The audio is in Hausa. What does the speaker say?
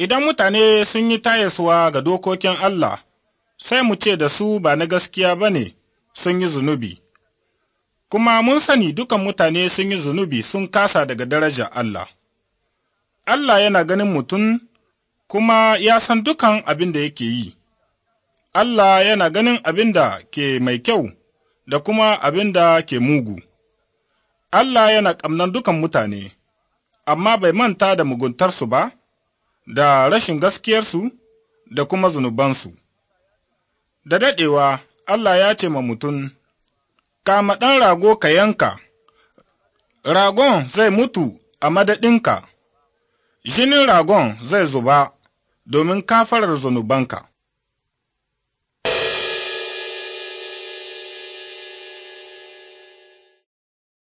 Idan mutane sun yi tayaswa ga dokokin Allah, sai mu ce da su ba na gaskiya ba ne sun yi zunubi, kuma mun sani dukan mutane sun yi zunubi sun kasa daga daraja Allah. Allah yana ganin mutum kuma ya san dukan abin da yake yi. Allah yana ganin abin da ke mai kyau da kuma abin da ke mugu. Allah yana ƙamnan dukan mutane, amma bai manta da muguntarsu ba, da rashin gaskiyarsu da kuma zunubansu. Da daɗewa Allah ya ce ma mutum, Kama ɗan rago ka yanka, ragon zai mutu a madaɗinka jinin ragon zai zuba domin kafarar zunubanka.